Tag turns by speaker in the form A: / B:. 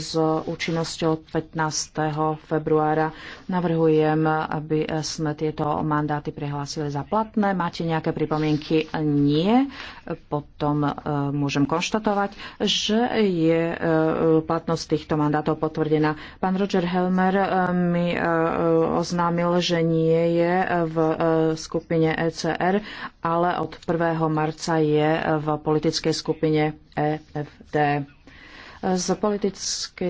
A: s účinnosťou 15. februára. Navrhujem, aby sme tieto mandáty prehlásili za platné. Máte nejaké pripomienky? Nie. Potom e, môžem konštatovať, že je e, platnosť týchto mandátov potvrdená. Pán Roger Helmer e, mi oznámil, že nie je v skupine ECR, ale od 1. marca je v politickej skupine EFD z politickej